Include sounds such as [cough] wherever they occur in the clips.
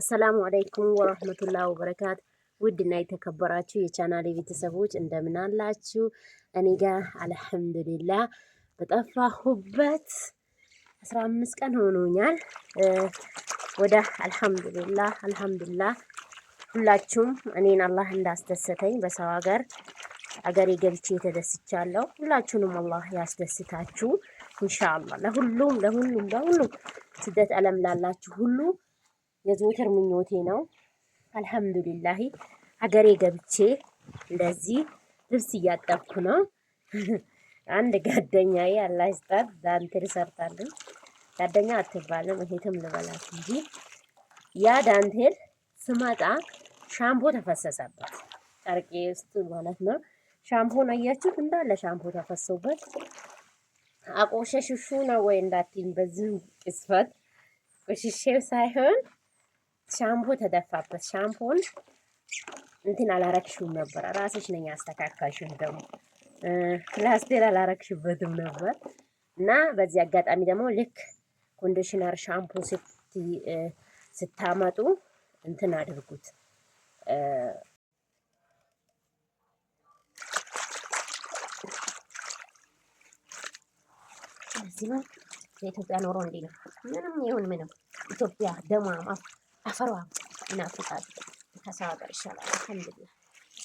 አሰላሙ አለይኩም ወረህመቱላ ወበረካት። ውድና የተከበራችሁ የቻናል ቤተሰቦች እንደምን አላችሁ? እኔ ጋር አልሐምዱሊላ በጠፋሁበት አስራ አምስት ቀን ሆኖኛል። ወደ አልሐምዱሊላ አልሐምዱሊላ ሁላችሁም እኔን አላህ እንዳስደሰተኝ በሰው ሀገር አገሬ ገብቼ የተደስቻለሁ። ሁላችሁንም አላህ ያስደስታችሁ ኢንሻአላህ። ለሁሉም ለሁሉም ለሁሉም ስደት አለም ላላችሁ ሁሉ የዘወትር ምኞቴ ነው። አልሐምዱሊላሂ ሀገሬ ገብቼ እንደዚህ ልብስ እያጠብኩ ነው። [laughs] አንድ ጓደኛዬ አላህ ይስጣት ዳንቴል ሰርታለች። ጋደኛ አትባልም እህትም ልበላት እንጂ ያ ዳንቴል ስመጣ ሻምፖ ተፈሰሰበት ጨርቄ ውስጥ ማለት ነው። ሻምፖን አያችሁት እንዳለ ሻምፖ ተፈሶበት አቆሸሽሹ ነው ወይ እንዳትይኝ በዚህ ቅስፈት ቆሽሼው ሳይሆን ሻምፖ ተደፋበት። ሻምፖን እንትን አላረግሽውም ነበር፣ ራስሽ ነኝ አስተካከልሽው። ደግሞ ፕላስቴር አላረግሽበትም ነበር እና በዚህ አጋጣሚ ደግሞ ልክ ኮንዲሽነር ሻምፖ ስታመጡ እንትን አድርጉት እዚህ ነው የኢትዮጵያ ኖሮ እንዲህ ነው። ምንም ይሁን ምንም ኢትዮጵያ ደማማ አፈሯ ይናፍቃል። ከሰው ሀገር ይሻላል። አልሐምዱሊላህ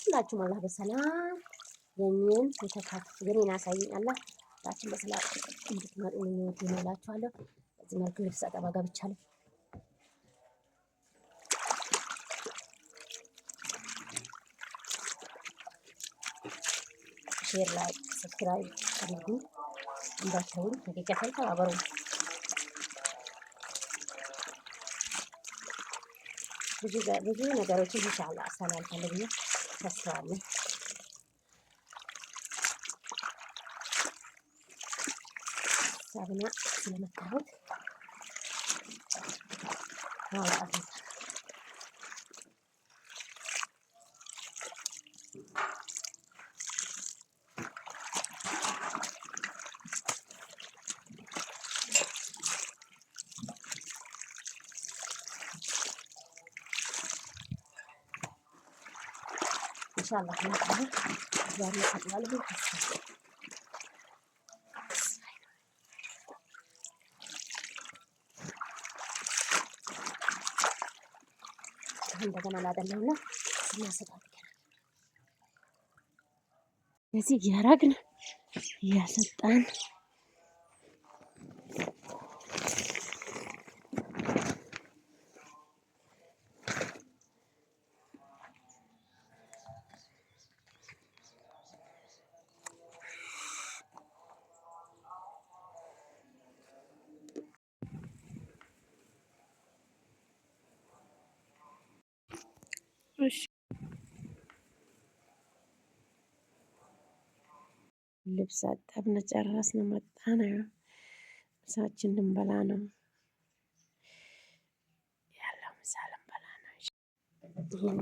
ሁላችሁም አላህ በሰላም የኔን የተካት የኔን አሳይኝ አላህ ታችን በሰላም እንድትመጡ በዚህ መልኩ ልብስ አጠባ ገብቻለሁ። ሼር ሰብስክራይብ አድርጉ እንዳትተውን ተባበሩ። ብዙ ነገሮችን ይሻላ አስተላልፋለሁ ብዬ ሳብና ስለመታሁት ኢንሻአላህ ነው ዛሬ አጥላል እንደገና ላደለውና ስናሰጣት እዚህ እያረግን እያሰጣን ልብስ አጠብን፣ ጨረስን፣ መጣን። ምሳችን ልንበላ ነው ያለው። ምሳ ልንበላ ነው። ይህ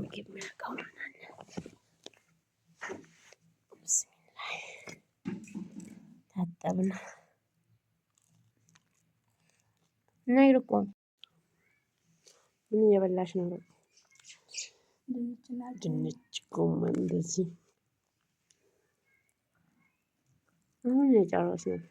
ምግብ የሚያውቀው ታጠብን እና ይልቁ ምን እየበላሽ ነው? ድንች ጎመን እንደዚህ 我们那叫老师。